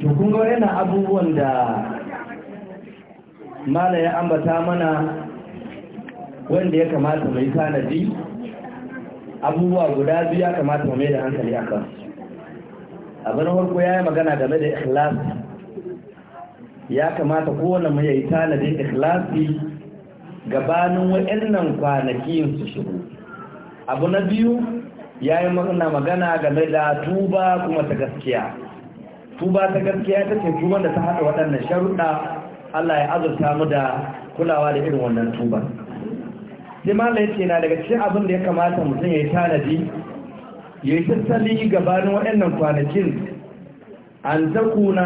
tukungo yana abubuwan da mala ya ambata mana wanda ya kamata mai tanadi abubuwa guda biyu ya kamata mai da hankali a kan abin harko ya yi magana game da ikhlasi ya kamata kowane mu ya yi tanadin ikhlasi gabanin wa'annan kwanakin su shigo abu na biyu ya yi magana game da tuba kuma ta gaskiya tuba ta gaskiya ta ce tuban da ta haɗa waɗannan sharuɗa Allah ya azurta mu da kulawa da irin wannan tuba sai malai ce na daga cikin abin da ya kamata mutum ya yi tanadi ya yi tattali gabanin waɗannan kwanakin an zakuna